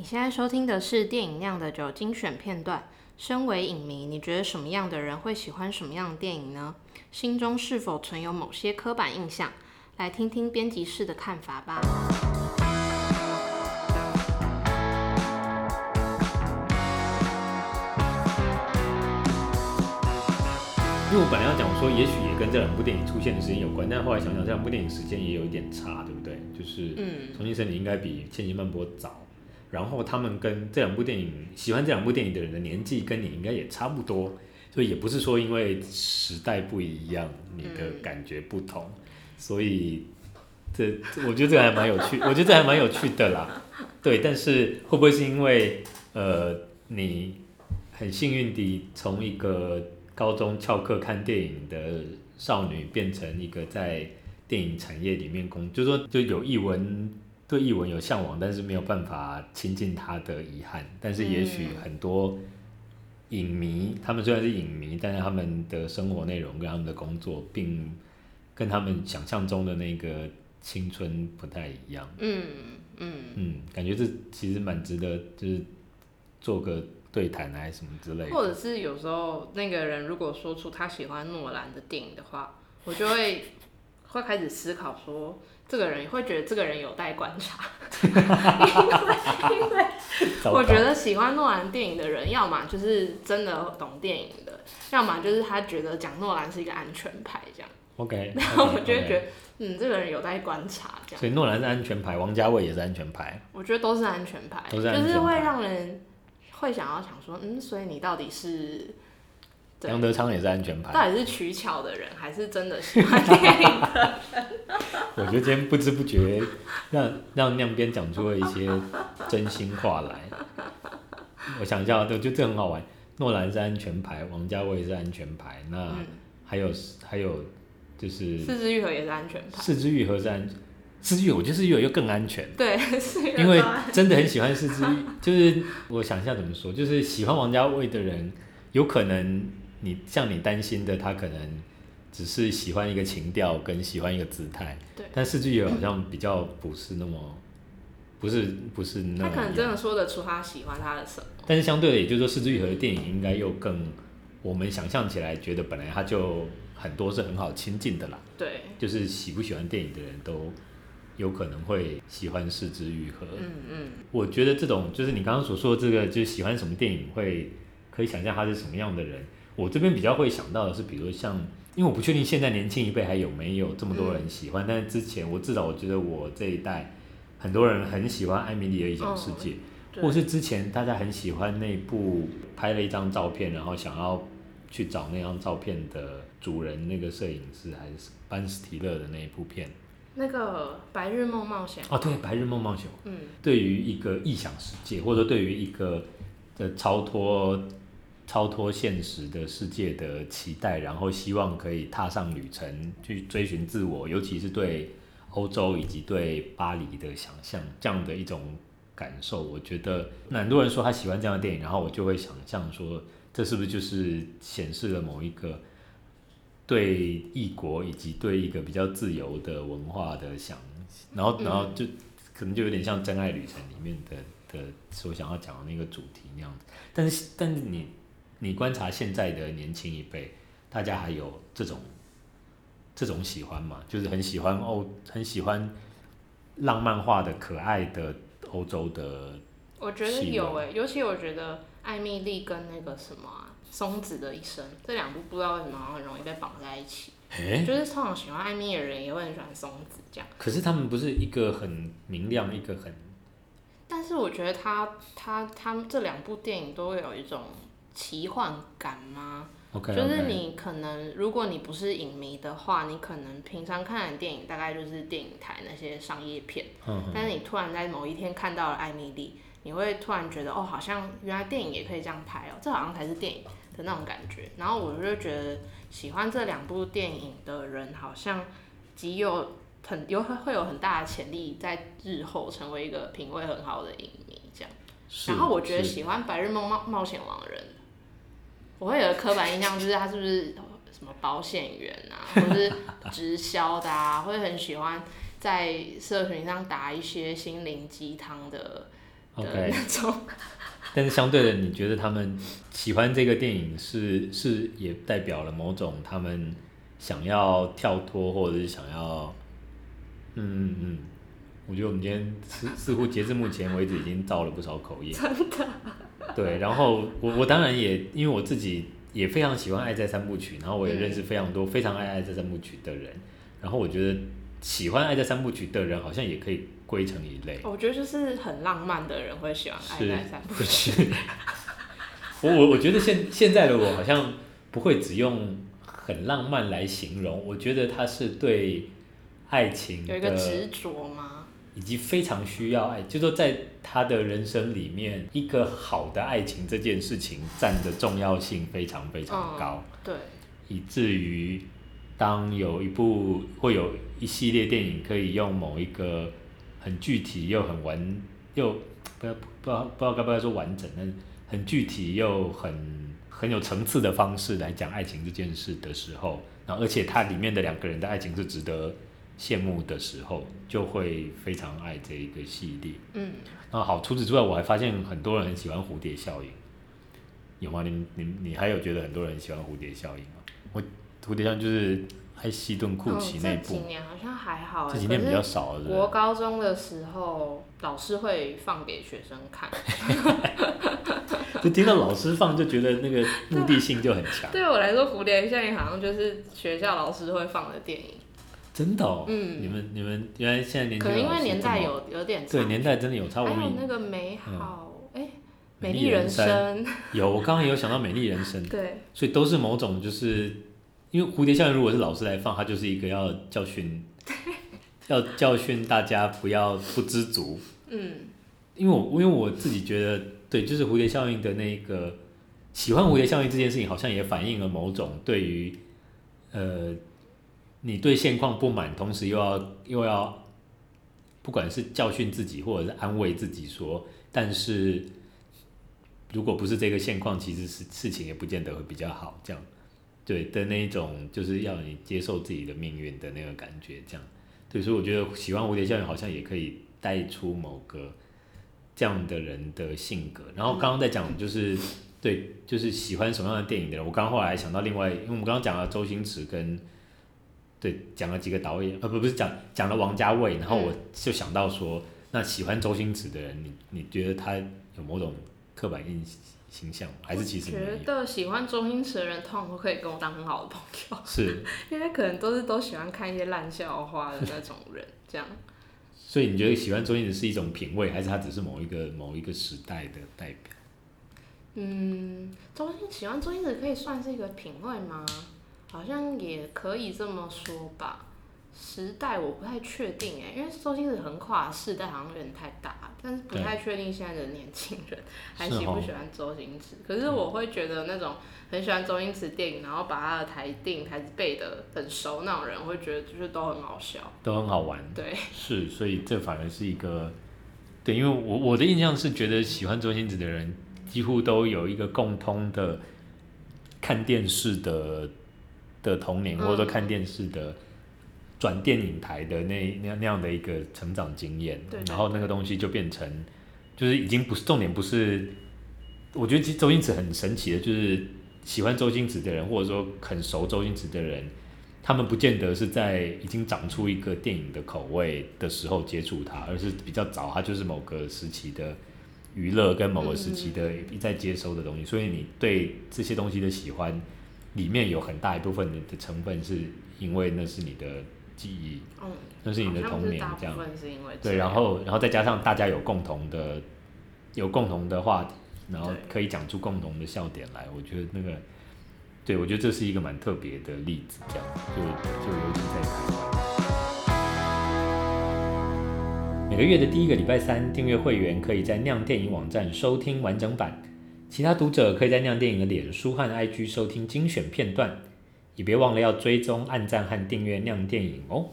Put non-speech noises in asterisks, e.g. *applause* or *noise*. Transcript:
你現在收聽的是電影《釀的酒》精選片段。身為影迷，你覺得什麼樣的人會喜歡什麼樣的電影呢？心中是否存有某些刻板印象？來聽聽編輯室的看法吧。因為我本來要講，說也許也跟這兩部電影出現的時間有關，嗯、但後來想想，這兩部電影時間也有一點差，嗯、對不對？就是《重慶森林》應該比《千禧曼波》早。然後他們跟這兩部電影，喜歡這兩部電影的人的年紀跟你應該也差不多，所以也不是說因為時代不一樣，你的感覺不同，嗯、所以這我覺得這個還蠻有趣， *laughs* 我覺得這還蠻有趣的啦。對，但是會不會是因為呃，你很幸運地從一個高中翹課看電影的少女變成一個在電影產業裡面工作，就是、說就有譯文。對藝文有嚮往，但是沒有辦法親近他的遺憾。但是也許很多影迷，嗯、他們雖然是影迷，但是他們的生活內容跟他們的工作，並跟他們想象中的那個青春不太一樣。嗯嗯嗯，感覺這其實蠻值得，就是做個對談啊什麼之類的。或者是有時候那個人如果說出他喜歡諾蘭的電影的話，我就會。 *laughs* 會開始思考說，這個人會覺得這個人有待觀察， *laughs* 因為因為我覺得喜歡諾蘭電影的人， *laughs* 要麼就是真的懂電影的，要麼就是他覺得講諾蘭是一個安全牌這樣。OK。然後我就會覺得，嗯，這個人有待觀察這樣。所以諾蘭是安全牌，王家衛也是安全牌。我覺得都是安全牌，都是安全牌。就是會讓人會想要想說，嗯，所以你到底是。對楊德昌也是安全牌，到底是取巧的人還是真的喜歡電影？我覺得今天不知不覺讓讓釀編講出了一些真心話來。 *laughs* 我想一下，對，就這很好玩。諾蘭是安全牌，王家衛是安全牌，嗯、那還有還有就是，是枝裕和也是安全牌，是枝裕和是安全，是是枝裕和，我覺得是枝裕和又更安全。對，因為真的很喜歡是枝裕和， *laughs* 就是我想一下怎麼說，就是喜歡王家衛的人有可能。你像你擔心的，他可能只是喜歡一個情調，跟喜歡一個姿態。對。但是枝裕和好像比較不是那麼， *coughs* 不是不是那麼。麼。他可能真的說得出他喜歡他的什麼。但是相對的，也就是說，是枝裕和的電影應該又更，嗯，我們想象起來覺得本來他就很多是很好親近的啦。對。就是喜不喜歡電影的人都有可能會喜歡是枝裕和。嗯嗯。我覺得這種就是你剛剛所說的這個，就是喜歡什麼電影會可以想象他是什麼樣的人。我這邊比較會想到的是，比如像，因為我不確定現在年輕一輩還有沒有這麼多人喜歡，嗯、但是之前我至少我覺得我這一代很多人很喜歡艾米莉的異想世界，哦、或是之前大家很喜歡那部拍了一張照片，嗯、然後想要去找那張照片的主人那個攝影師，還是班斯提勒的那一部片，那個白日夢冒險哦，對，白日夢冒險，嗯，對於一個異想世界，或者說對於一個的超脫，超脫現實的世界的期待，然後希望可以踏上旅程去追尋自我，尤其是對歐洲以及對巴黎的想象，這樣的一種感受。我覺得那很多人說他喜歡這樣的電影，然後我就會想象說，這是不是就是顯示了某一個對異國以及對一個比較自由的文化的想，然後然後就可能就有點像《真愛旅程》裡面的的所想要講的那個主題那樣，但是但是你你觀察現在的年輕一輩，大家還有這種這種喜歡嗎？就是很喜歡歐，很喜歡浪漫化的、可愛的歐洲的。我覺得有誒、欸，尤其我覺得《艾蜜莉》跟那個什麼、啊《松子的一生》這兩部，不知道為什麼好像很容易被綁在一起，欸、就是通常喜歡艾蜜的人也會很喜歡松子這樣。可是他們不是一個很明亮，一個很……但是我覺得他他他們這兩部電影都會有一種。奇幻感嗎？Okay, 就是你可能，如果你不是影迷的話，Okay. 你可能平常看的電影大概就是電影台那些商業片。嗯哼，但是你突然在某一天看到了《艾蜜莉》，你會突然覺得哦，好像原來電影也可以這樣拍哦，這好像才是電影的那種感覺。然後我就覺得，喜歡這兩部電影的人，好像極有很有會有很大的潛力，在日後成為一個品味很好的影迷這樣。是然後我覺得喜歡《白日夢冒冒險王》的人，我會有個刻板印象，就是他是不是什麼保險員啊，或是直銷的啊，會很喜歡在社群上打一些心靈雞湯的的那種。Okay. *laughs* 但是相對的，你覺得他們喜歡這個電影是是也代表了某種他們想要跳脫或者是想要……嗯嗯嗯，我覺得我們今天似似乎截至目前為止已經造了不少口業，真的。對，然後我我當然也，因為我自己也非常喜歡《愛在三部曲》，嗯，然後我也認識非常多非常愛《愛在三部曲》的人，嗯、然後我覺得喜歡《愛在三部曲》的人好像也可以歸成一類。我覺得就是很浪漫的人會喜歡《愛在三部曲》。 *laughs* 我我我覺得現現在的我好像不會只用很浪漫來形容，我覺得他是對愛情有一個執着嗎？以及非常需要愛，嗯、就說在。他的人生裡面，一個好的愛情這件事情佔的重要性非常非常的高。嗯，對，以至於當有一部或有一系列電影可以用某一個很具體又很完又不要不要，不要，該不該說完整的，但很具體又很很有層次的方式來講愛情這件事的時候，然後而且它裡面的兩個人的愛情是值得。羨慕的時候就會非常愛這一個系列。嗯，那、啊、好，除此之外，我還發現很多人很喜歡蝴蝶效應，有嗎？你你你還有覺得很多人喜歡蝴蝶效應嗎？我蝴蝶效應就是埃希頓庫奇那部。這幾年好像還好，欸。這幾年比較少是不是？我高中的時候，老師會放給學生看。 *laughs* *laughs* 就聽到老師放，就覺得那個目的性就很強。對我來說，蝴蝶效應好像就是學校老師會放的電影。真的哦，嗯、你們你們原來現在年輕老師可能因為年代有有點對年代真的有差，還有那個美好、嗯、美麗人生，美麗人生，美麗人生有，我剛剛也有想到美麗人生，對，所以都是某種就是因為蝴蝶效應，如果是老師來放，它就是一個要教訓，要教訓大家不要不知足，嗯，因為我因為我自己覺得對，就是蝴蝶效應的那個喜歡蝴蝶效應這件事情，好像也反映了某種對於呃。你對現況不滿，同時又要又要，不管是教訓自己或者是安慰自己說，但是如果不是這個現況，其實是事情也不見得會比較好。這樣對的那一種就是要你接受自己的命運的那個感覺，這樣對。所以我覺得喜歡《蝴蝶效應》好像也可以帶出某個這樣的人的性格。然後剛剛在講就是、嗯、對，就是喜歡什麼樣的電影的人，我剛後來還想到另外，因為我們剛剛講了周星馳跟。對，講了幾個導演，啊，不，不是講講了王家衛，然後我就想到說，嗯、那喜歡周星馳的人，你你覺得他有某種刻板印形象？還是其實我覺得喜歡周星馳的人，通常都可以跟我當很好的朋友，是，因為可能都是都喜歡看一些爛笑話的那種人， *laughs* 這樣。所以你覺得喜歡周星馳是一種品味，還是他只是某一個某一個時代的代表？嗯，周星喜歡周星馳可以算是一個品味嗎？好像也可以這麼說吧。時代我不太確定哎，因為周星馳橫跨世代好像有點太大，但是不太確定現在的年輕人還喜不喜歡周星馳。是齁可是我會覺得那種很喜歡周星馳電影，對然後把他的台電影台詞背得很熟那種人，會覺得就是都很好笑，都很好玩。對，是，所以這反而是一個對，因為我我的印象是覺得喜歡周星馳的人幾乎都有一個共通的看電視的。的童年，或者說看電視的、嗯、轉電影台的那那那樣的一個成長經驗，嗯、然後那個東西就變成，就是已經不是重點，不是。我覺得其實周星馳很神奇的，就是喜歡周星馳的人，或者說很熟周星馳的人，他們不見得是在已經長出一個電影的口味的時候接觸他，而是比較早，他就是某個時期的娛樂跟某個時期的一再接收的東西，嗯、所以你對這些東西的喜歡。裡面有很大一部分的成分是因為那是你的記憶，嗯、那是你的童年，哦、這樣對，然後然後再加上大家有共同的有共同的話題，然後可以講出共同的笑點來。對我覺得那個，對，我覺得這是一個蠻特別的例子，這樣。就就尤其在台灣，每個月的第一個禮拜三，訂閱會員可以在釀電影網站收聽完整版。其他讀者可以在釀電影的臉書和 IG 收聽精選片段，也別忘了要追蹤、按讚和訂閱釀電影哦。